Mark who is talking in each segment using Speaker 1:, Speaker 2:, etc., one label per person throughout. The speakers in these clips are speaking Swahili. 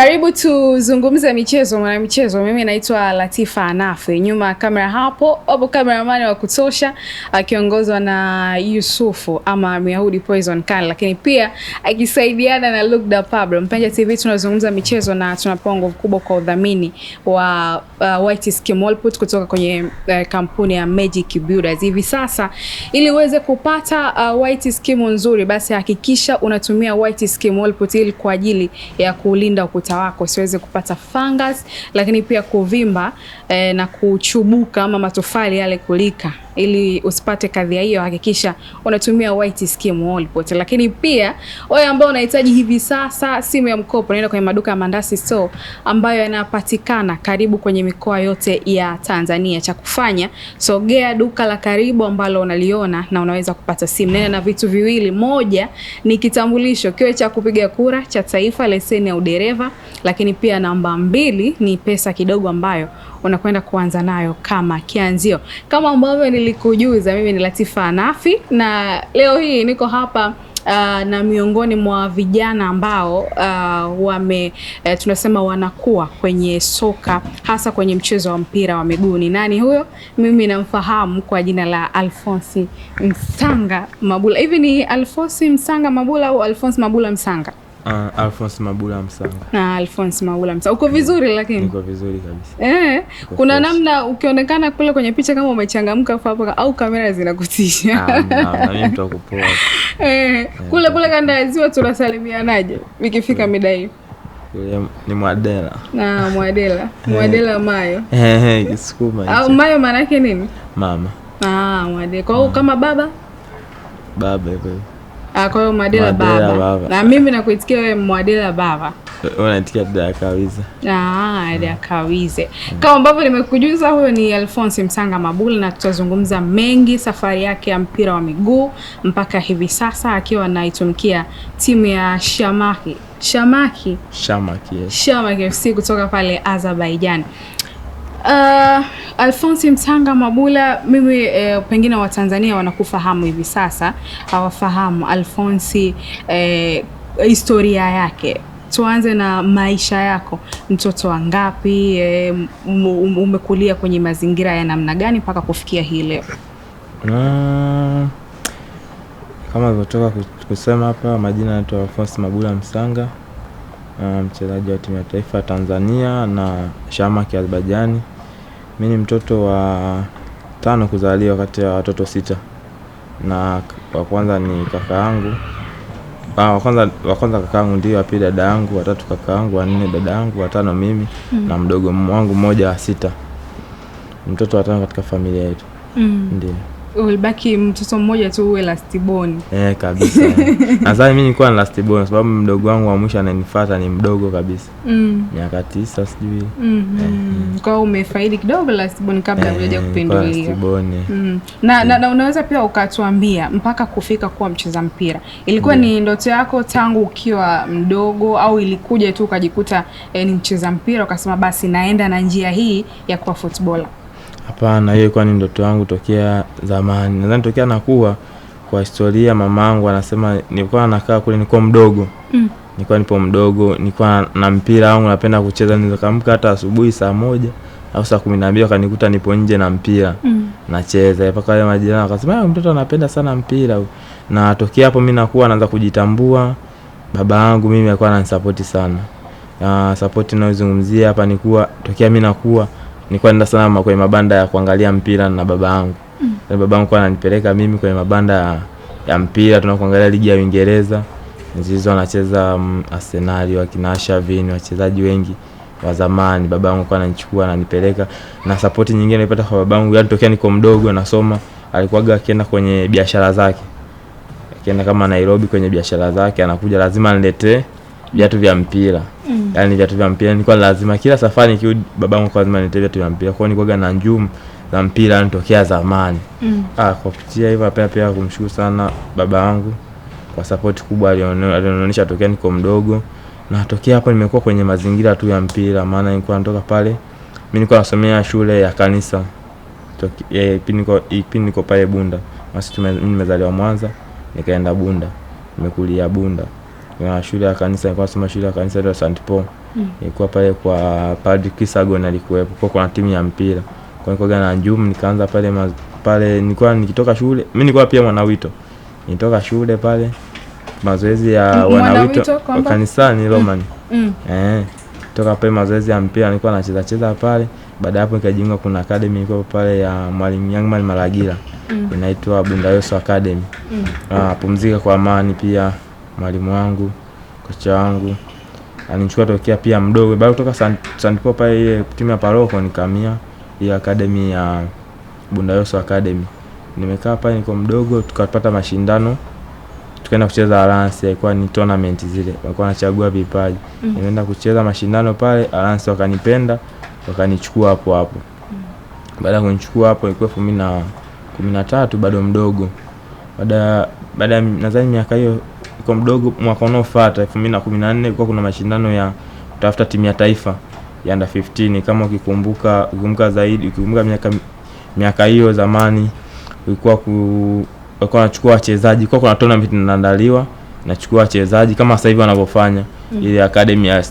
Speaker 1: Karibu tuzungumze michezo, michezo. Mimi naitwa Latifa Anafe, nyuma ya kamera hapo wapo kameramani wa kutosha akiongozwa na Yusufu ama Myahudi Poison Kali, lakini pia akisaidiana na Luke Da Pablo. Mpenja TV tunazungumza michezo na tuna mpango kubwa kwa udhamini wa uh, White Skim Wallput kutoka kwenye uh, kampuni ya Magic Builders. Hivi sasa ili uweze kupata uh, white skim nzuri, basi hakikisha unatumia White Skim Wallput ili kwa ajili ya kulinda ukuta ukuta wako siweze kupata fungus, lakini pia kuvimba eh, na kuchubuka ama matofali yale kulika ili usipate kadhia hiyo, hakikisha unatumia white skim wall pot. Lakini pia wewe ambao unahitaji hivi sasa simu ya mkopo, naenda kwenye maduka ya Mandasi Store ambayo yanapatikana karibu kwenye mikoa yote ya Tanzania. Cha kufanya sogea duka la karibu ambalo unaliona na unaweza kupata simu. Nenda na vitu viwili, moja ni kitambulisho kiwe cha kupiga kura cha taifa, leseni ya udereva, lakini pia namba mbili ni pesa kidogo ambayo unakwenda kuanza nayo kama kianzio, kama ambavyo nilikujuza, mimi ni Latifa Anafi na leo hii niko hapa Uh, na miongoni mwa vijana ambao uh, wame uh, tunasema wanakuwa kwenye soka hasa kwenye mchezo wa mpira wa miguu. Ni nani huyo? Mimi namfahamu kwa jina la alfonsi Msanga Mabula. Hivi ni Alfonsi Msanga Mabula au Alfonsi Mabula Msanga?
Speaker 2: Uh, Alphonse Mabula Msanga.
Speaker 1: Na Alphonse Mabula Msanga. Uko vizuri yeah, lakini?
Speaker 2: Niko vizuri kabisa.
Speaker 1: Eh, eh. kuna fresh. Namna ukionekana kule kwenye picha kama umechangamka hapo hapo au kamera zinakutisha.
Speaker 2: Ah, na mimi mtu akupoa.
Speaker 1: Eh, yeah. Eh, kule kule kanda ya Ziwa tunasalimianaje? Nikifika mida hiyo.
Speaker 2: Ni Mwadela.
Speaker 1: Na Mwadela. Eh. Mwadela Mayo.
Speaker 2: Eh, eh, Kisukuma.
Speaker 1: Au ah, Mayo maana yake nini? Mama. Ah, Mwadela. Kwa hiyo kama baba?
Speaker 2: Baba, baba.
Speaker 1: Ah, kwa hiyo Mwadela baba. baba na mimi nakuitikia wewe Mwadela baba
Speaker 2: naitikia dada Kawize.
Speaker 1: Ah, dada mm. Kawize. Mm. Kama ambavyo nimekujuza, huyo ni Alphonce Msanga Mabula, na tutazungumza mengi safari yake ya mpira wa miguu mpaka hivi sasa akiwa anaitumikia timu ya Shamaki Shamaki
Speaker 2: Shamaki, yes.
Speaker 1: Shamaki FC kutoka pale Azerbaijan. Uh, Alphonsi Msanga Mabula, mimi eh, pengine Watanzania wanakufahamu hivi sasa hawafahamu alfonsi eh, historia yake. Tuanze na maisha yako, mtoto wa ngapi? eh, umekulia kwenye mazingira ya namna gani mpaka kufikia hii leo?
Speaker 2: Mm, kama alivyotoka kusema hapa, majina yanaitwa Alphonsi Mabula Msanga Ah, mchezaji wa timu ya taifa ya Tanzania na shama Albajani. Mi ni mtoto wa tano kuzaliwa kati ya watoto sita, na wa kwanza ni kaka yangu Ah, wa kwanza wa kwanza kaka yangu ndio, wa pili dada yangu, wa tatu kaka yangu, wa nne dada yangu, wa tano mimi mm. na mdogo wangu mmoja wa sita. Mtoto wa tano katika familia yetu mm. Ndio
Speaker 1: ulibaki mtoto mmoja tu uwe last born.
Speaker 2: Eh, kabisa. Nadhani mimi nilikuwa last born sababu mdogo wangu wa mwisho ananifuata ni mdogo kabisa. Mm. Miaka tisa sijui.
Speaker 1: Mm. -hmm. Eh, Kwa hiyo umefaidi kidogo last born kabla eh, hujaja eh, kupindulia.
Speaker 2: Last born. Mm.
Speaker 1: Na, yeah. na, na unaweza pia ukatuambia mpaka kufika kuwa mcheza mpira. Ilikuwa yeah. ni ndoto yako tangu ukiwa mdogo au ilikuja tu ukajikuta eh, ni mcheza mpira ukasema basi naenda na njia hii ya kuwa footballer?
Speaker 2: Hapana, hiyo kwa ni ndoto yangu tokea zamani, nadhani tokea nakuwa. Kwa historia mamangu anasema nilikuwa nakaa kule, nilikuwa mdogo mm. nilikuwa nipo mdogo, nilikuwa na mpira wangu napenda kucheza, nilikuwa nilikamka hata asubuhi saa moja au saa kumi na mbili wakanikuta nipo nje na mpira mm. nacheza mpaka wale majirani wakasema eh, mtoto anapenda sana mpira. Na tokea hapo mimi nakuwa naanza kujitambua. Baba yangu mimi alikuwa ananisapoti sana. Uh, ah, sapoti naozungumzia hapa ni kuwa tokea mimi nakuwa nilikuwa naenda sana kwenye mabanda ya kuangalia mpira na baba yangu mm. Yaani baba yangu ananipeleka mimi kwenye mabanda ya, ya mpira tunakuangalia ligi ya Uingereza zilizo anacheza um, mm, Arsenal wakina Shavin wachezaji wengi wa zamani. Baba yangu kwa ananichukua ananipeleka, na support nyingine nilipata kwa baba yangu, yaani tokea niko mdogo nasoma, alikuwa akienda kwenye biashara zake, akienda kama Nairobi kwenye biashara zake, anakuja lazima niletee viatu vya mpira mm. Yani viatu vya mpira nilikuwa lazima kila safari nikirudi, babangu kwa lazima nitembee viatu vya mpira, kwa nilikuwa na njumu za mpira nitokea yaani zamani mm. Ah, kwa kupitia hivyo napenda pia kumshukuru sana baba yangu kwa support kubwa alionionyesha tokea niko mdogo, na tokea hapo nimekuwa kwenye mazingira tu ya mpira, maana nilikuwa natoka pale, mimi nilikuwa nasomea shule ya kanisa ipi eh, niko pale Bunda, basi nimezaliwa Mwanza nikaenda Bunda, nimekulia Bunda na shule ya kanisa, nilikuwa nasoma shule ya kanisa ya St Paul mm. nilikuwa pale kwa Padre Kisagon alikuwepo, kwa kuna timu ya mpira kwa nikoga na njumu, nikaanza pale ma, pale nilikuwa nikitoka shule, mimi nilikuwa pia mwanawito, nitoka shule pale mazoezi ya wanawito kanisani hmm. Roman mm. eh toka pale mazoezi ya mpira nilikuwa nacheza cheza pale. Baada ya hapo nikajiunga kuna academy ilikuwa pale ya mwalimu Youngman Malagira mm. inaitwa Bunda Yesu Academy mm. ah, pumzika kwa amani pia mwalimu wangu, kocha wangu alinichukua tokea pia mdogo, baada kutoka Sandpop pale ile timu ya Paroko nikamia ile academy ya Bundayoso Academy. Nimekaa pale niko mdogo, tukapata mashindano tukaenda kucheza Alliance, ilikuwa ni tournament zile, walikuwa wanachagua vipaji mm. -hmm. Nimeenda kucheza mashindano pale Alliance, wakanipenda wakanichukua hapo hapo mm. -hmm. Baada ya kunichukua hapo ilikuwa elfu mbili na kumi na tatu bado mdogo, baada baada nadhani miaka hiyo niko mdogo, mwaka unaofuata 2014 ilikuwa kuna mashindano ya kutafuta timu ya taifa ya under 15 kama ukikumbuka, ukikumbuka zaidi, ukikumbuka miaka miaka hiyo zamani ilikuwa ku walikuwa wanachukua wachezaji kwa kuna tournament inaandaliwa, nachukua wachezaji kama sasa hivi wanavyofanya mm. ile academy ya,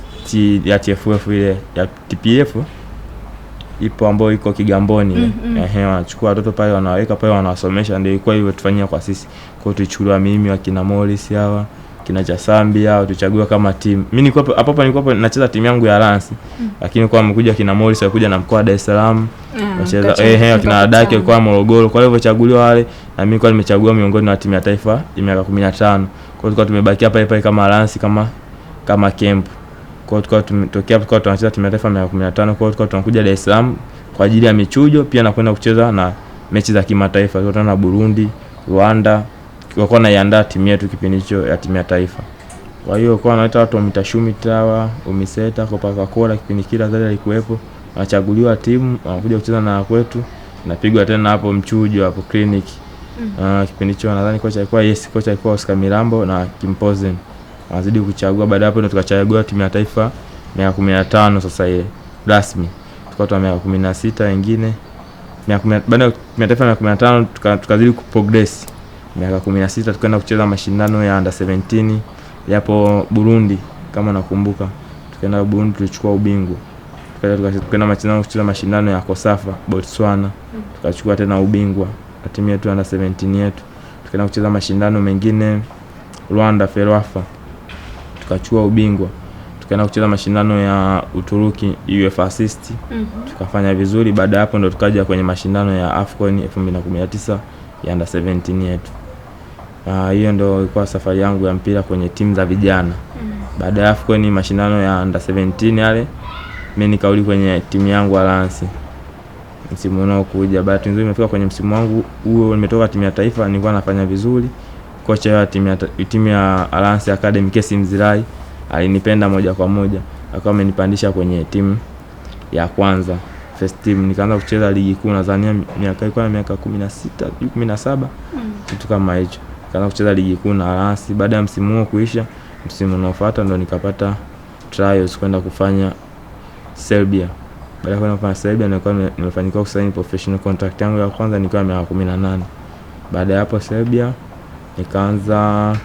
Speaker 2: ya TFF ile ya TPF ipo ambayo iko Kigamboni mm -hmm. Ehe, wanachukua watoto pale wanaweka pale wanawasomesha, ndio ilikuwa hiyo tufanyia kwa sisi. Kwa hiyo tulichukuliwa mimi wakina Morris hawa kina Chasambi hao tuchagua kama timu. Mimi niko hapo hapo nilikuwa nacheza timu yangu ya Lance. Mm. Lakini kwa amekuja kina Morris alikuja na mkoa wa Dar es Salaam. Mm, wacheza ehe eh kina Dadake kwa Morogoro. Kwa hivyo chaguliwa wale na mimi kwa nimechagua miongoni mwa timu ya taifa ya miaka 15. Kwa hiyo tukawa tumebakia pale pale kama Lance kama kama camp kwa tunacheza timu ya taifa tunakuja Dar es Salaam kwa ajili ya michujo pia na kwenda kucheza na mechi za kimataifa na Burundi, Rwanda tulikuwa naiandaa timu yetu kipindi hicho ya timu ya taifa. Kwa hiyo kwa watu wa Mitashumi Tawa, Umiseta, kipindi alikuwepo, timu, kucheza na kwetu, napigwa tena hapo mchujo hapo clinic. Mm. Uh, kipindi hicho nadhani kocha alikuwa yes, kocha alikuwa Oscar Mirambo na Kimpozen wanazidi kuchagua. Baada hapo ndo tukachagua timu ya taifa miaka kumi na tano sasa ile rasmi. Tukatoa miaka kumi na sita wengine. Baada ya timu ya taifa miaka kumi na tano tukazidi kuprogress. Miaka kumi na sita tukaenda kucheza mashindano ya under 17 yapo Burundi kama nakumbuka. Tukaenda Burundi tulichukua ubingwa. Tukaenda mashindano kucheza mashindano ya Kosafa Botswana. Tukachukua tena ubingwa na timu yetu under 17 yetu. Tukaenda kucheza mashindano mengine Rwanda Ferwafa tukachua ubingwa, tukaenda kucheza mashindano ya Uturuki UEFA Assist mm -hmm. tukafanya vizuri. Baada ya hapo ndo tukaja kwenye mashindano ya AFCON 2019 ya under 17 yetu. Hiyo ndo ilikuwa safari yangu ya mpira kwenye timu za vijana mm -hmm. Baada ya AFCON mashindano ya under 17 yale mimi nikauli kwenye timu yangu Alliance msimu unaokuja. Bahati nzuri nimefika kwenye msimu wangu huo, nimetoka timu ya taifa, nilikuwa nafanya vizuri kocha wa timu ya timu ya Alliance Academy Kesi Mzirai alinipenda moja kwa moja, akawa amenipandisha kwenye timu ya kwanza first team, nikaanza kucheza ligi kuu Tanzania, miaka ilikuwa na miaka 16 17 mm. kitu mm. kama hicho, nikaanza kucheza ligi kuu na Alliance. Baada ya msimu huo kuisha, msimu unaofuata ndo nikapata trials kwenda kufanya Serbia. Baada ya kwenda kufanya Serbia, nilikuwa nimefanikiwa kusaini professional contract yangu ya kwanza nikiwa miaka 18. Baada ya hapo Serbia nikaanza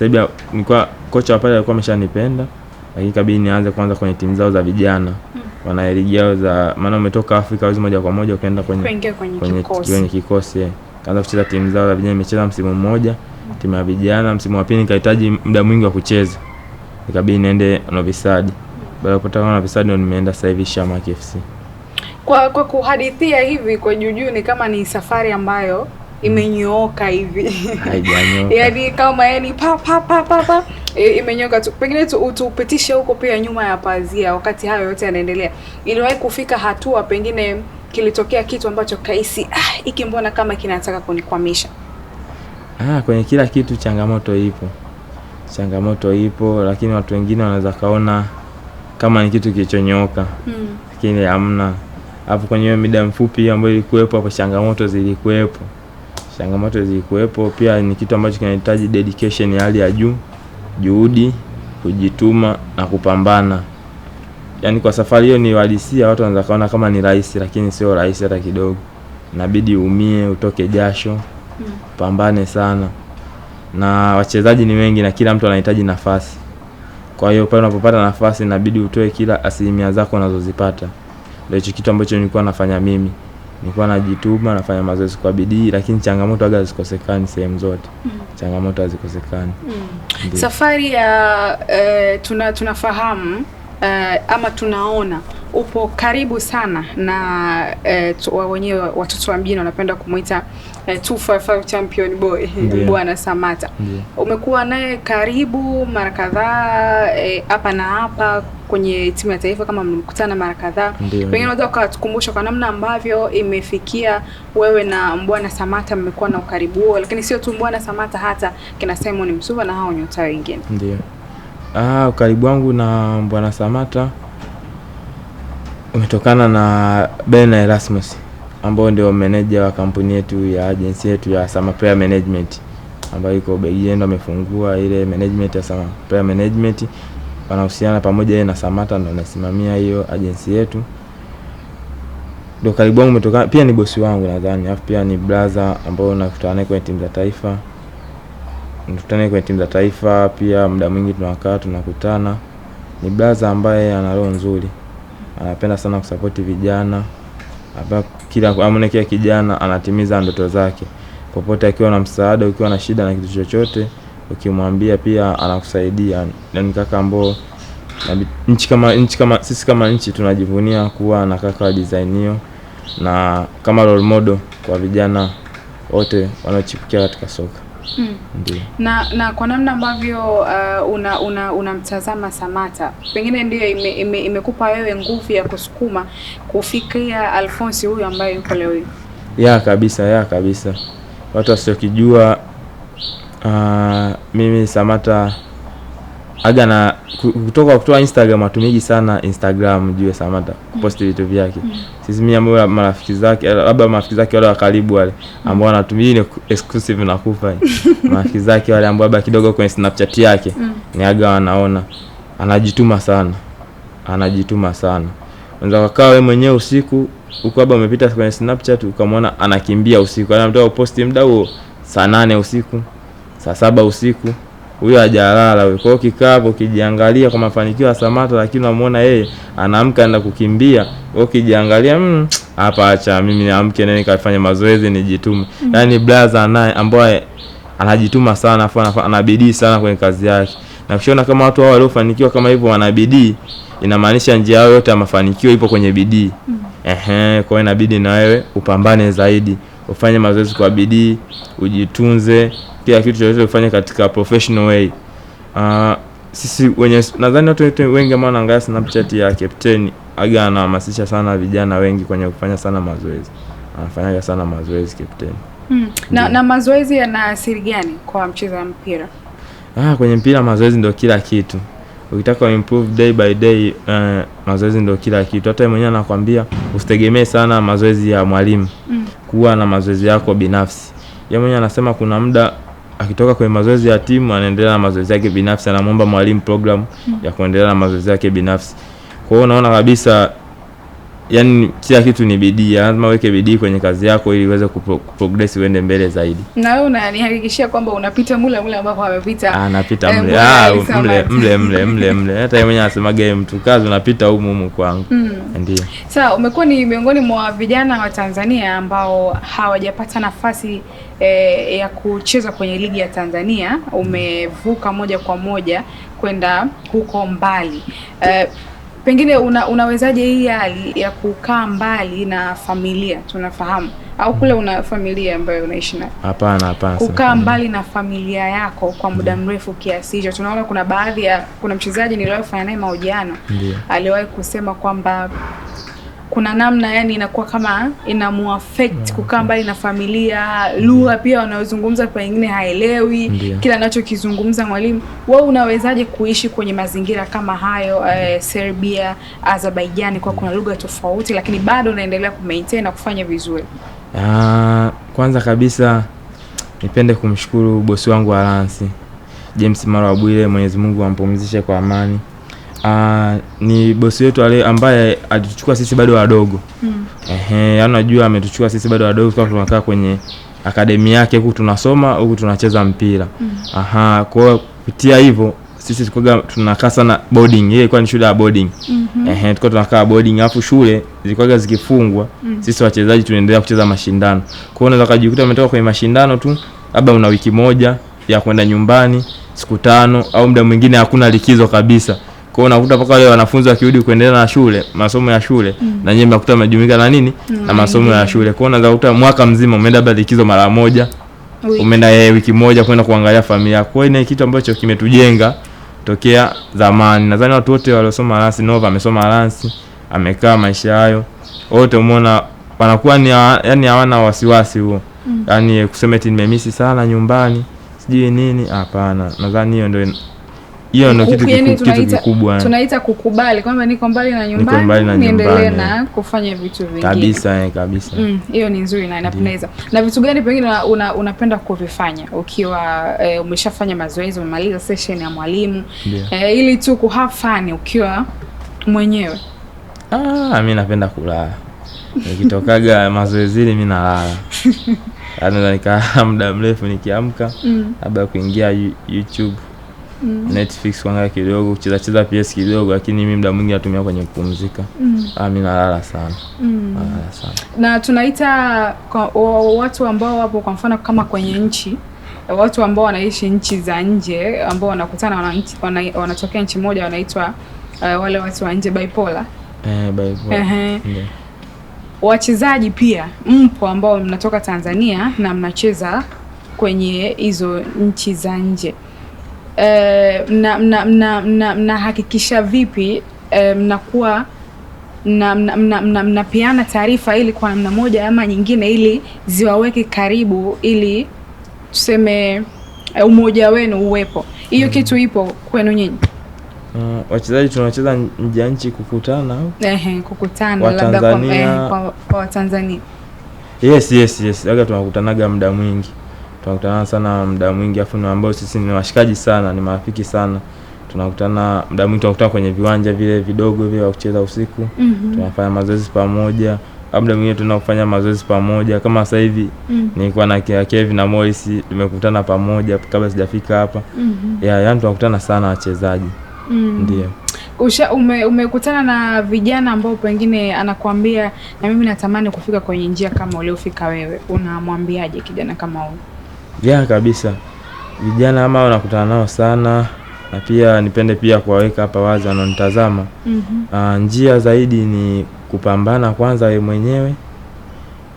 Speaker 2: ya nilikuwa kocha pale alikuwa ameshanipenda, lakini kabidi nianze kwanza kwenye timu zao za vijana hmm. wana ligi yao za, maana umetoka Afrika wezi moja kwa moja ukaenda kwenye,
Speaker 1: kwenye, kwenye, kikosi, kwenye kikosi yeah.
Speaker 2: Kaanza kucheza timu zao za vijana, nimecheza msimu mmoja hmm. timu ya vijana. Msimu wa pili nikahitaji muda mwingi wa kucheza, nikabidi niende hmm. baada ya kupata kama Novisadi ndio nimeenda sasa hivi Shamak FC.
Speaker 1: Kwa, kwa kuhadithia hivi kwa juujuu ni kama ni safari ambayo Mm. imenyooka hivi yani kama yani pa pa pa pa pa imenyoka tu, pengine tuupitishe huko pia nyuma ya pazia, wakati hayo yote yanaendelea, iliwahi kufika hatua pengine kilitokea kitu ambacho kaisi ah, hiki, ah, mbona kama kinataka kunikwamisha?
Speaker 2: Ah, kwenye kila kitu changamoto ipo, changamoto ipo, lakini watu wengine wanaweza kaona kama ni kitu kilichonyoka mm, lakini hamna. Hapo kwenye hiyo mfupi ambayo ilikuwepo hapo, changamoto zilikuwepo changamoto zilikuwepo, pia ni kitu ambacho kinahitaji dedication ya hali ya juu, juhudi, kujituma na kupambana. Yaani kwa safari hiyo ni uhalisia, watu wanaweza kaona kama ni rahisi, lakini sio rahisi hata kidogo. Inabidi uumie, utoke jasho, pambane sana, na wachezaji ni wengi na kila mtu anahitaji nafasi. Kwa hiyo pale unapopata nafasi, inabidi utoe kila asilimia zako unazozipata. Ndio hicho kitu ambacho nilikuwa nafanya mimi nilikuwa najituma nafanya mazoezi kwa bidii, lakini changamoto aga hazikosekani sehemu zote mm. changamoto hazikosekani
Speaker 1: mm. Safari ya uh, tuna, tunafahamu uh, ama tunaona upo karibu sana na uh, wenyewe watoto wa mjini wanapenda kumwita uh, 255 champion boy Bwana Samata. Umekuwa naye karibu mara kadhaa hapa uh, na hapa kwenye timu ya taifa, kama mlimkutana mara kadhaa, pengine unaweza ukatukumbusha kwa namna ambavyo imefikia wewe na Mbwana Samata mmekuwa na ukaribu huo, lakini sio tu Mbwana Samata, hata kina Simon Msuva na hao nyota wengine.
Speaker 2: Ndio. Ah, ukaribu wangu na Mbwana Samata umetokana na Ben Erasmus ambao ndio meneja wa kampuni yetu ya agency yetu ya Sama Samaprayer Management ambayo iko Belgiji, ndio amefungua ile management ya Sama Samaprayer Management wanahusiana pamoja na Samata, ndo anasimamia hiyo agency yetu. Ndo karibu wangu umetoka, pia ni bosi wangu nadhani, alafu pia ni brother ambao nakutana naye kwenye timu za taifa, nakutana kwenye timu za taifa pia, muda mwingi tunakaa tunakutana. Ni brother ambaye ana roho nzuri, anapenda sana kusapoti vijana hapa, kila amone, kila kijana anatimiza ndoto zake popote, akiwa na msaada, ukiwa na shida na kitu chochote ukimwambia pia anakusaidia. Yaani kaka ambao nchi kama nchi kama sisi kama nchi tunajivunia kuwa na kaka wa design hiyo, na kama role model kwa vijana wote wanaochipukia katika soka.
Speaker 1: Mm. Na na kwa namna ambavyo uh, una una unamtazama Samata pengine ndiyo ime, ime, imekupa wewe nguvu ya kusukuma kufikia Alfonsi huyu ambaye yuko leo hii.
Speaker 2: Ya kabisa, ya kabisa. Watu wasiokijua Uh, mimi Samata aga na kutoka kutoa Instagram, atumiji sana Instagram juu ya Samata kuposti vitu vyake. Mm. Sisi mimi ambao marafiki zake, labda marafiki zake wale wa karibu wale mm. ambao anatumia ni exclusive na kufa marafiki zake wale ambao labda kidogo kwenye Snapchat yake mm. ni aga wanaona, anajituma sana, anajituma sana. Unaweza kukaa wewe mwenyewe usiku uko labda umepita kwenye Snapchat ukamwona anakimbia usiku, anamtoa uposti muda huo saa nane usiku saa saba usiku, huyo hajalala huyo. Kwa hiyo kikaa hapo, ukijiangalia kwa mafanikio ya Samata, lakini unamuona yeye anaamka anaenda kukimbia, wewe kijiangalia mm, hapa acha mimi niamke nene nikafanye mazoezi nijitume. mm -hmm. Yani brother naye ambaye anajituma sana, afu anabidii sana kwenye kazi yake, na ukiona kama watu hao waliofanikiwa kama hivyo wanabidii, inamaanisha njia yao yote ya mafanikio ipo kwenye bidii. mm -hmm. Ehe, kwa hiyo inabidi na wewe upambane zaidi, ufanye mazoezi kwa bidii, ujitunze kila kitu tunaweza kufanya katika professional way. Uh, sisi wenye nadhani watu wengi ambao wanaangalia Snapchat ya Captain aga anahamasisha sana vijana wengi kwenye kufanya sana mazoezi. Anafanyaga sana mazoezi Captain.
Speaker 1: Hmm. Na, na mazoezi yana siri gani kwa mcheza mpira?
Speaker 2: Ah, kwenye mpira mazoezi ndio kila kitu. Ukitaka improve day by day, uh, mazoezi ndio kila kitu. Hata mwenyewe anakwambia usitegemee sana mazoezi ya mwalimu. Mm. Kuwa na mazoezi yako binafsi. Yeye mwenyewe anasema kuna muda akitoka kwenye mazoezi ya timu anaendelea na mazoezi yake binafsi, anamwomba mwalimu program ya kuendelea na mazoezi yake binafsi. Kwa hiyo unaona kabisa yani kila kitu ni bidii, lazima uweke bidii kwenye kazi yako ili uweze kupro, kuprogress uende mbele zaidi.
Speaker 1: Na wewe unanihakikishia kwamba unapita mule mule ambapo amepita.
Speaker 2: Ah, napita eh, Ah, mule mule mule mule mule. hata yeye mwenyewe game mtu kazi unapita humu humu kwangu.
Speaker 1: mm. Ndio sawa. Umekuwa ni miongoni mwa vijana wa Tanzania ambao hawajapata nafasi eh, ya kucheza kwenye ligi ya Tanzania. Umevuka moja kwa moja kwenda huko mbali eh, Pengine una, unawezaje hii hali ya kukaa mbali na familia tunafahamu, au kule una familia ambayo unaishi nayo?
Speaker 2: Hapana, hapana,
Speaker 1: kukaa mbali na familia yako kwa mm. muda mrefu kiasi hicho. Tunaona kuna baadhi ya kuna mchezaji niliyofanya naye mahojiano aliwahi kusema kwamba kuna namna yani inakuwa kama inamuaffect kukaa mbali na familia, lugha mm. pia wanaozungumza pengine haelewi Mdia. Kila anachokizungumza mwalimu, wewe unawezaje kuishi kwenye mazingira kama hayo eh, Serbia, Azerbaijan, kwa kuna lugha tofauti, lakini bado unaendelea kumaintain na kufanya vizuri?
Speaker 2: Ah, kwanza kabisa nipende kumshukuru bosi wangu Alansi James Marwa Bwile, Mwenyezi Mungu ampumzishe kwa amani uh, ni bosi wetu ale ambaye alituchukua sisi bado wadogo mm. Ehe, anajua yaani ametuchukua sisi bado wadogo kwa tunakaa kwenye akademi yake huku tunasoma huku tunacheza mpira mm. Aha, kwa kupitia hivyo sisi tulikuwa tunakaa sana boarding. Yeye ilikuwa ni shule ya boarding. mm -hmm. Ehe, tulikuwa tunakaa boarding alafu shule zilikuwa zikifungwa. mm Sisi wachezaji tunaendelea kucheza mashindano. Kwa hiyo unaweza kujikuta umetoka kwenye mashindano tu, labda una wiki moja ya kwenda nyumbani siku tano, au muda mwingine hakuna likizo kabisa. Kwa unakuta mpaka wale wanafunzi wakirudi kuendelea na shule, masomo ya shule mm. na nyewe mnakuta mnajumuika na nini mm. na masomo ya shule. Kwa hiyo unaweza kukuta mwaka mzima umeenda labda likizo mara moja, umeenda yeye eh, wiki moja kwenda kuangalia familia. Kwa hiyo ni kitu ambacho kimetujenga tokea zamani. Nadhani watu wote waliosoma Alliance Nova amesoma Alliance, amekaa maisha hayo wote, umeona wanakuwa ni yani hawana wasiwasi huo mm. yani kusema eti nimemisi sana nyumbani sijui nini, hapana. Nadhani hiyo ndio hiyo ndio kitu
Speaker 1: kikubwa tunaita kukubali kwamba niko mbali na nyumbani, niendelee na kufanya vitu
Speaker 2: vingine kabisa. Eh, kabisa
Speaker 1: mm, hiyo mm, ni nzuri na inapendeza. Na vitu gani pengine una, unapenda kuvifanya ukiwa e, umeshafanya mazoezi umemaliza session ya mwalimu e, ili tu ku have fun ukiwa mwenyewe?
Speaker 2: Ah, mimi napenda kulala nikitokaga mazoezini mi nalala anaweza yaani nikaa muda mrefu nikiamka, mm. labda mm, kuingia YouTube mm. Netflix kwanga kidogo, kucheza cheza PS kidogo, lakini mimi muda mwingi natumia kwenye kupumzika mm. Ah, mimi nalala sana
Speaker 1: mm. nalala sana na tunaita kwa, watu ambao wapo kwa mfano kama kwenye nchi watu ambao wanaishi nchi za nje ambao wanakutana wanatokea wana, nchi moja wanaitwa uh, wale watu wa nje bipolar
Speaker 2: eh, bipolar.
Speaker 1: Uh-huh. yeah. Wachezaji pia mpo ambao mnatoka Tanzania na mnacheza kwenye hizo nchi za nje mnahakikisha eh, mna, mna, mna vipi mnakuwa mnapeana mna, mna, mna, mna eh, taarifa ili kwa namna moja ama nyingine, ili ziwaweke karibu, ili tuseme eh, umoja wenu uwepo. Hiyo mm. kitu ipo kwenu nyinyi?
Speaker 2: Uh, wachezaji tunacheza nje ya nchi kukutana,
Speaker 1: ehe, kukutana labda kwa Watanzania,
Speaker 2: yes, yes, yes, aga tunakutanaga muda mwingi tunakutana sana muda mwingi, afu ni ambao sisi ni washikaji sana, ni marafiki sana tunakutana muda mwingi, tunakutana kwenye viwanja vile vidogo vile vya kucheza usiku mm -hmm. tunafanya mazoezi pamoja, labda mwingine tunaenda kufanya mazoezi pamoja kama sasa hivi mm -hmm. nilikuwa na Kevin na Morris tumekutana pamoja kabla sijafika hapa mm -hmm. yaani tunakutana sana wachezaji
Speaker 1: mm. -hmm. Ndio usha ume, umekutana na vijana ambao pengine anakuambia na mimi natamani kufika kwenye njia kama uliofika wewe, unamwambiaje kijana kama huyo?
Speaker 2: Yeah, kabisa vijana ama wanakutana nao sana na pia nipende pia kuwaweka hapa wazi wanaonitazama. mm -hmm. Njia zaidi ni kupambana kwanza, we mwenyewe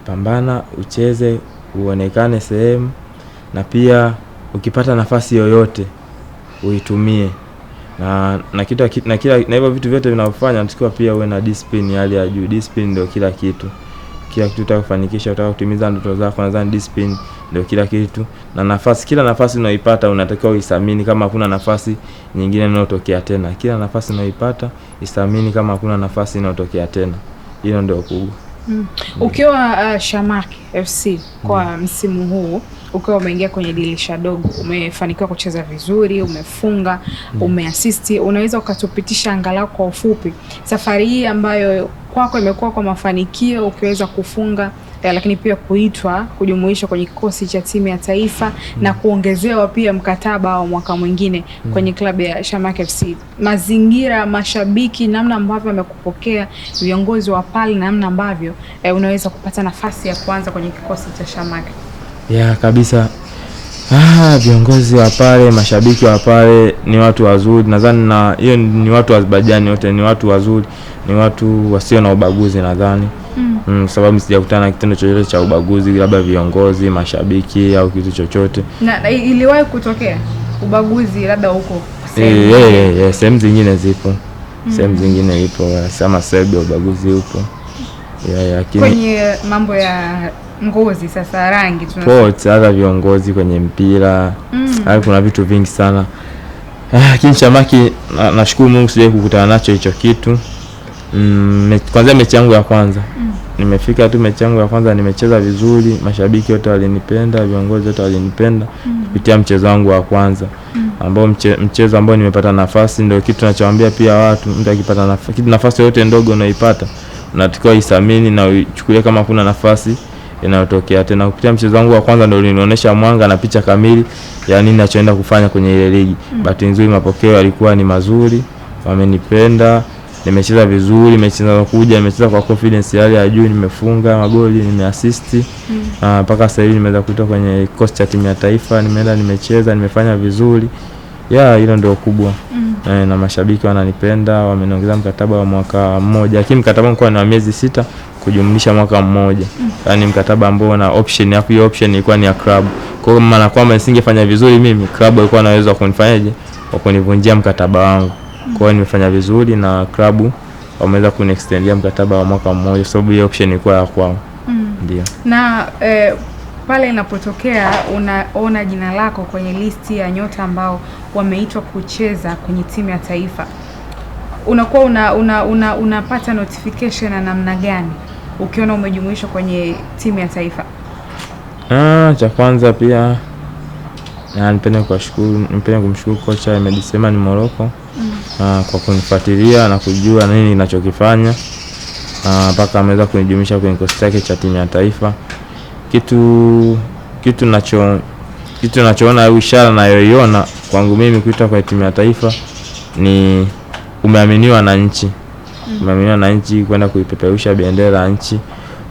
Speaker 2: pambana, ucheze, uonekane sehemu, na pia ukipata nafasi yoyote uitumie na na kitu, na kila na hivyo vitu vyote vinavyofanya, natakiwa pia uwe na discipline hali ya juu. Discipline ndio kila kitu, kila kitu utakafanikisha, utaka kutimiza ndoto zako, nadhani discipline ndio kila kitu, na nafasi, kila nafasi unaoipata unatakiwa uisamini kama hakuna nafasi nyingine inayotokea tena. Kila nafasi unaoipata isamini kama hakuna nafasi inayotokea tena. Hilo ndio kubwa.
Speaker 1: Mm. Ukiwa uh, Shamak FC kwa mm. msimu huu ukiwa umeingia kwenye dirisha dogo, umefanikiwa kucheza vizuri, umefunga mm. umeasisti, unaweza ukatupitisha angalau kwa ufupi safari hii ambayo kwako imekuwa kwa mafanikio, ukiweza kufunga lakini pia kuitwa kujumuishwa kwenye kikosi cha timu ya taifa mm. na kuongezewa pia mkataba wa mwaka mwingine mm. kwenye klabu ya Shamaki FC. Mazingira, mashabiki, namna ambavyo amekupokea viongozi wa pale, namna ambavyo eh, unaweza kupata nafasi ya kuanza kwenye kikosi cha Shamaki.
Speaker 2: Ya yeah, kabisa Ah, viongozi wa pale, mashabiki wa pale ni watu wazuri, nadhani na hiyo ni watu wa Azerbaijan wote ni watu wazuri, ni watu wasio na ubaguzi nadhani mm. Mm, sababu sijakutana na kitendo chochote cha ubaguzi, labda viongozi, mashabiki au kitu chochote.
Speaker 1: Na iliwahi kutokea ubaguzi labda huko
Speaker 2: sehemu e, e, e, sehemu zingine zipo mm. Sehemu zingine ipo kama eh, Serbia ubaguzi upo yeah, mm. yeah,
Speaker 1: kwenye mambo ya ngozi sasa, rangi
Speaker 2: sports, hata viongozi kwenye mpira mm. kuna vitu vingi sana ah, eh, kinchamaki na, nashukuru Mungu sijawahi kukutana nacho hicho kitu mm, me, kwanza mechi yangu ya kwanza mm. nimefika tu mechi yangu ya kwanza nimecheza vizuri, mashabiki wote walinipenda, viongozi wote walinipenda mm. kupitia mm. mchezo wangu wa kwanza mm. ambao mche, mchezo ambao nimepata nafasi, ndio kitu nachowaambia pia watu, mtu akipata nafasi, nafasi yoyote ndogo unaipata unatakiwa isamini na uichukulie kama kuna nafasi mm inayotokea tena. Kupitia mchezo wangu wa kwanza ndio ulinionyesha mwanga na picha kamili ya nini nachoenda kufanya kwenye ile ligi. Mm. Bahati nzuri mapokeo yalikuwa ni mazuri, wamenipenda, nimecheza vizuri, mechi zinazokuja nimecheza kwa confidence hali ya juu, nimefunga magoli, nimeassist. Mm. Ah, mpaka sasa hivi nimeweza kuitwa kwenye kikosi cha timu ya taifa, nimeenda nimecheza, nimefanya vizuri. ya Yeah, hilo ndio kubwa. Mm. E, na mashabiki wananipenda, wameniongeza mkataba wa mwaka mmoja. Lakini mkataba ulikuwa ni wa miezi sita kujumlisha mwaka mmoja mm. Yani mkataba ambao na option ya hiyo option ilikuwa ni ya club. Kwa hiyo maana kwamba nisingefanya vizuri mimi, club ilikuwa inaweza kunifanyaje, wa kunivunjia mkataba wangu. Kwa hiyo nimefanya vizuri na club wameweza kuniextendia mkataba wa mwaka mmoja, sababu hiyo option ilikuwa ya kwao mm. Ndio na eh, pale inapotokea unaona jina lako kwenye listi ya nyota ambao wameitwa kucheza kwenye timu ya taifa unakuwa una, una, una, unapata notification na namna gani? ukiona umejumuishwa kwenye timu ya taifa? Ah, cha kwanza pia nipende kuwashukuru, nipende kumshukuru kocha Ahmed Selemani Moroko mm. ah, kwa kunifuatilia na kujua nini ninachokifanya ah, mpaka ameweza kunijumuisha kwenye kikosi chake cha timu ya taifa. Kitu kitu nacho kitu nachoona au ishara nayoiona kwangu mimi kuitwa kwenye timu ya taifa ni umeaminiwa na nchi mamilioni na nchi kwenda kuipeperusha bendera ya nchi.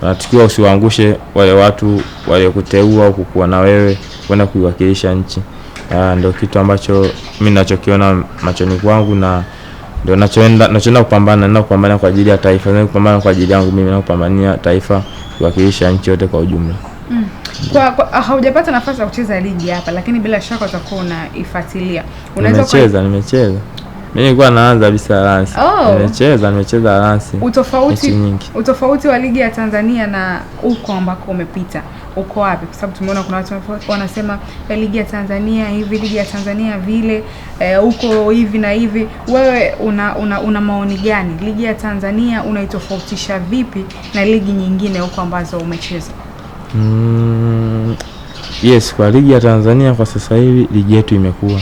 Speaker 2: Unatakiwa usiwaangushe wale watu waliokuteua au kukuwa na wewe kwenda kuiwakilisha nchi. Ndio kitu ambacho mi nachokiona machoni kwangu na ndio nachoenda nachoenda kupambana na kupambana kwa ajili ya taifa, na kupambana kwa ajili yangu mimi na kupambania taifa kuwakilisha nchi yote kwa ujumla. Mm. Kwa, kwa ah, haujapata nafasi ya kucheza ligi hapa, lakini bila shaka utakuwa unaifuatilia. Unaweza nimecheza, kwa... nimecheza. Mimi nilikuwa naanza bisa lansi. Oh. Nimecheza, nimecheza lansi. Utofauti utofauti wa ligi ya Tanzania na huko ambako umepita. Uko wapi? Kwa sababu tumeona kuna watu wanasema eh, ligi ya Tanzania hivi, ligi ya Tanzania vile, eh, huko e, hivi na hivi. Wewe una, una, una maoni gani? Ligi ya Tanzania unaitofautisha vipi na ligi nyingine huko ambazo umecheza? Mm, yes, kwa ligi ya Tanzania kwa sasa hivi ligi yetu imekuwa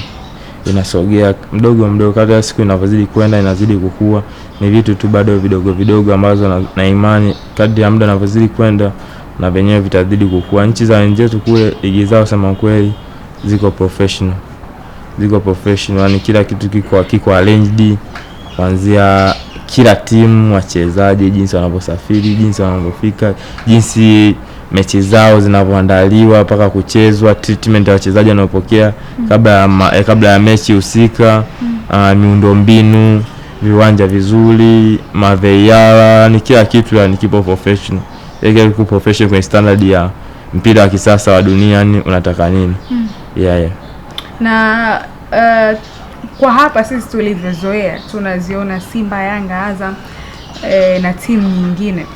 Speaker 2: inasogea mdogo mdogo, kadri siku inavyozidi kwenda inazidi kukua. Ni vitu tu bado vidogo vidogo ambazo na, na imani kadri ya muda unavyozidi kwenda na venyewe vitazidi kukua. Nchi za wenzetu kule ligi zao sema kweli ziko professional, ziko professional, yani kila kitu kiko kiko arranged kuanzia kila timu, wachezaji, jinsi wanavyosafiri, jinsi wanavyofika, jinsi mechi zao zinavyoandaliwa mpaka kuchezwa, treatment ya wachezaji wanaopokea mm. kabla ya eh, kabla ya mechi husika mm. uh, miundombinu, viwanja vizuri, maveiara, ni kila kitu yani kipo professional, yake kipo professional kwenye standard ya mpira wa kisasa wa ni unataka nini? mm. yeah, yeah. na uh, kwa hapa sisi tulivyozoea tunaziona Simba, Yanga, Azam eh, na timu nyingine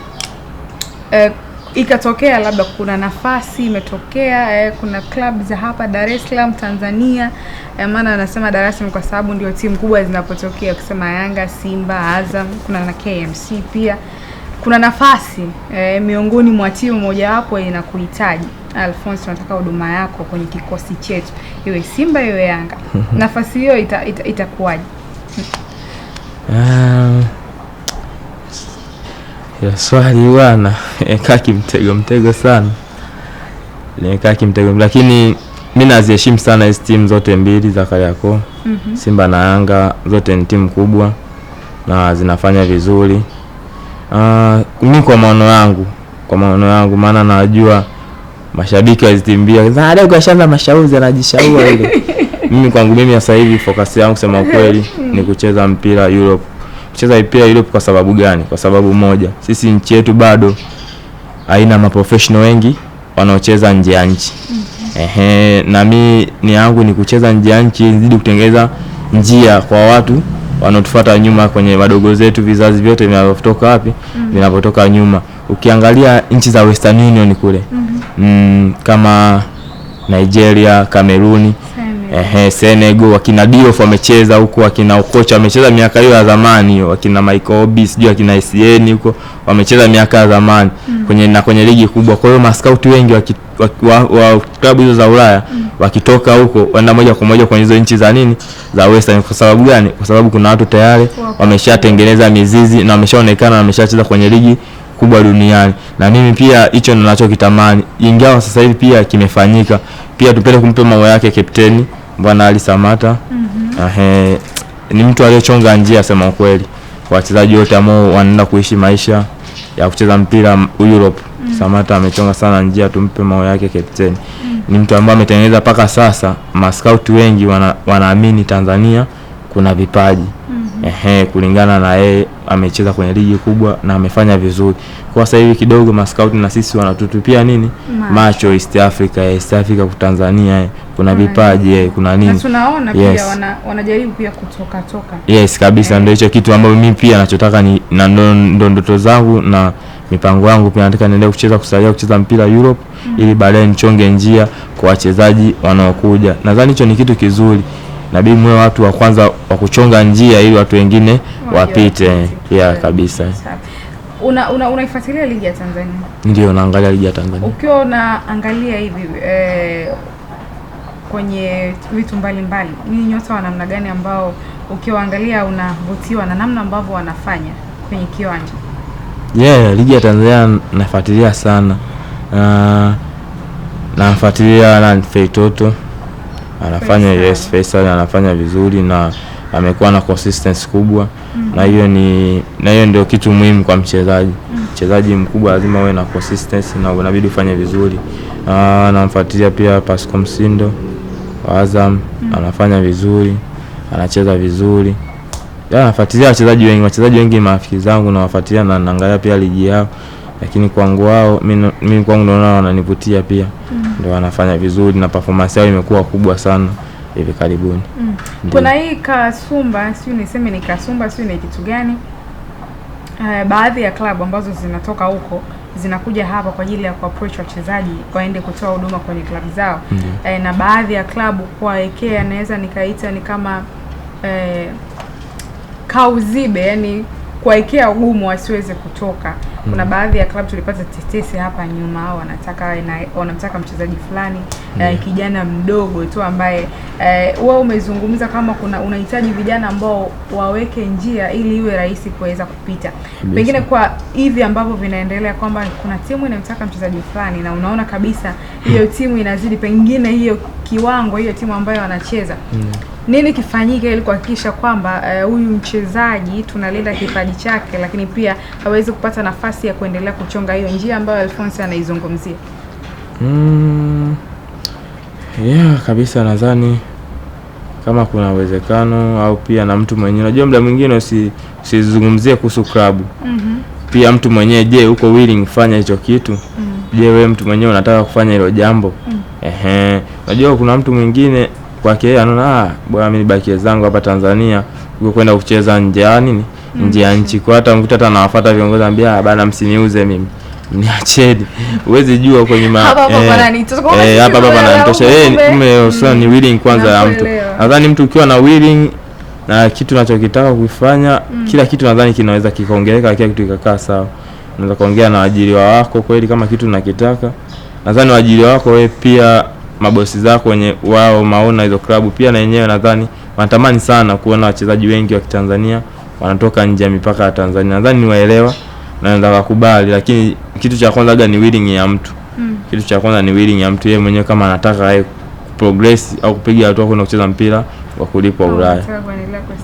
Speaker 2: eh, ikatokea labda kuna nafasi imetokea eh, kuna club za hapa Dar es Salaam Tanzania eh, maana anasema Dar es Salaam kwa sababu ndio timu kubwa zinapotokea, ukisema Yanga, Simba, Azam, kuna na KMC pia kuna nafasi eh, miongoni mwa timu mojawapo inakuhitaji alfonso tunataka huduma yako kwenye kikosi chetu, iwe Simba iwe Yanga. nafasi hiyo itakuwaje? ita, ita ah, ya swali bwana, imekaa eh, kimtego mtego sana, imekaa kimtego, lakini mi naziheshimu sana hizi timu zote mbili za Kariakoo mm -hmm. Simba na Yanga zote ni timu kubwa na zinafanya vizuri. Uh, mi kwa maono yangu, kwa maono yangu, maana najua mashabiki wazikimbia baadaye kashaanza mashauzi anajishaua ile. Mimi kwangu mimi sasa hivi focus yangu sema kweli ni kucheza mpira Europe kucheza IPL Europe kwa sababu gani? Kwa sababu moja, sisi nchi yetu bado haina maprofessional wengi wanaocheza nje ya nchi. Mm-hmm. Ehe, na mi ni yangu ni kucheza nje ya nchi, nzidi kutengeza njia kwa watu wanaotufuata nyuma kwenye madogo zetu, vizazi vyote vinavyotoka wapi, mm. vinavyotoka nyuma. Ukiangalia nchi za Western Union kule mm-hmm. mm, kama Nigeria, Kameruni ehe, Senegal wakina Diouf wamecheza huko, wakina Okocha wamecheza miaka hiyo ya zamani hiyo, wakina Michael Obi sijui wakina Essien huko wamecheza miaka ya zamani mm. kwenye na kwenye ligi kubwa. Kwa hiyo maskauti wengi wa, wa, wa klabu hizo za Ulaya mm. wakitoka huko wanaenda moja kwa moja kwenye hizo nchi za nini za Western. Kwa sababu gani? Kwa sababu kuna watu tayari wameshatengeneza mizizi na wameshaonekana, wameshacheza kwenye ligi kubwa duniani, na mimi pia hicho ninachokitamani, ingawa sasa hivi pia kimefanyika. Pia tupende kumpe maua yake kapteni Bwana Ali Samata mm -hmm. Ahe, ni mtu aliyechonga njia sema ukweli, wachezaji wote ambao wanaenda kuishi maisha ya kucheza mpira Europe mm -hmm. Samata amechonga sana njia, tumpe mao yake kapteni mm -hmm. Ni mtu ambaye ametengeneza mpaka sasa maskauti wengi wana, wanaamini Tanzania kuna vipaji ehe, kulingana na yeye amecheza kwenye ligi kubwa na amefanya vizuri. Kwa sasa hivi kidogo maskauti na sisi wanatutupia nini macho East Africa, eh, East Africa kwa Tanzania eh, kuna vipaji, eh, kuna nini na tunaona yes. Pia wana, wanajaribu pia kutoka toka. Yes kabisa, ndio hicho kitu ambacho mimi pia nachotaka ni na ndo ndoto zangu na mipango yangu pia nataka niendelee kucheza kusalia kucheza mpira Europe mm. ili baadaye nichonge njia kwa wachezaji wanaokuja. Nadhani hicho ni kitu kizuri nabii mwe watu wa kwanza wa kuchonga njia ili watu wengine wapite. Yeah, kabisa. Una, una, unaifuatilia ligi ya Tanzania? Ndio, naangalia ligi ya Tanzania. Ukiwa unaangalia hivi eh, kwenye vitu mbalimbali ni nyota wa namna gani ambao ukiwaangalia unavutiwa na namna ambavyo wanafanya kwenye kiwanja? Yeah, ligi ya Tanzania nafuatilia sana. Uh, nafuatilia na Feitoto anafanya yes, Faisal anafanya vizuri na amekuwa na consistency kubwa mm -hmm. na hiyo ni na hiyo ndio kitu muhimu kwa mchezaji mm-hmm. mchezaji mm -hmm. mkubwa lazima uwe na consistency na unabidi ufanye vizuri. Anamfuatilia pia Pascal Msindo wa Azam mm -hmm. anafanya vizuri, anacheza vizuri ya, anafuatilia wachezaji wengi, wachezaji wengi marafiki zangu nawafuatilia na naangalia pia ligi yao lakini kwangu wao mimi kwangu ndio nao wananivutia pia mm. ndio wanafanya vizuri na performance yao imekuwa kubwa sana hivi karibuni mm. kuna hii kasumba, sio niseme ni kasumba, sio ni kitu gani? Uh, baadhi ya klabu ambazo zinatoka huko zinakuja hapa kwa ajili ya kuapproach wachezaji waende kutoa huduma kwenye klabu zao mm E, na baadhi ya klabu kuwawekea, naweza nikaita ni kama e, kauzibe, yani kuwawekea ugumu wasiweze kutoka kuna baadhi ya klabu tulipata tetesi hapa nyuma, au wanataka wanamtaka mchezaji fulani eh, yeah. Uh, kijana mdogo tu ambaye eh, wewe umezungumza kama kuna unahitaji vijana ambao waweke njia ili iwe rahisi kuweza kupita yes. Pengine kwa hivi ambavyo vinaendelea kwamba kuna timu inamtaka mchezaji fulani na unaona kabisa hiyo timu inazidi pengine hiyo kiwango hiyo timu ambayo wanacheza mm. Nini kifanyike ili kuhakikisha kwamba eh, huyu uh, mchezaji tunalinda kipaji chake, lakini pia hawezi kupata nafasi ya kuendelea kuchonga hiyo njia ambayo Alphonce anaizungumzia? mm. Yeah, kabisa nadhani kama kuna uwezekano au pia na mtu mwenyewe, unajua muda mwingine usizungumzie kuhusu klabu mm -hmm. Pia mtu mwenyewe, je, uko willing kufanya hicho kitu? mm je, wewe mtu mwenyewe unataka kufanya hilo jambo? mm. Ehe, unajua kuna mtu mwingine kwake yeye anaona ah, bwana mimi nibakie zangu hapa Tanzania uko kwenda kucheza nje ya nini, mm. nje ya nchi. Kwa hata mkuta hata anawafuata viongozi ambia ah bana, msiniuze mimi niacheni. Huwezi jua kwenye ma hapa hapa pananitosha. Yeye mume sio ni willing kwanza ya mtu. Nadhani mtu ukiwa na willing na kitu unachokitaka kuifanya, mm. kila kitu nadhani kinaweza kikaongeleka, kila kitu kikakaa sawa unaweza kuongea na waajiriwa wako kweli kama kitu nakitaka. Nadhani waajiriwa wako wewe pia mabosi zako wenye wao maona hizo klabu pia na wenyewe nadhani wanatamani sana kuona wachezaji wengi wa Kitanzania wanatoka nje ya mipaka ya Tanzania. Nadhani ni waelewa na lakini kitu cha kwanza ga ni willing ya mtu mm. Kitu cha kwanza ni willing ya mtu yeye mwenyewe, kama anataka yeye progress au kupiga hatua kwenda kucheza mpira wa kulipwa Ulaya.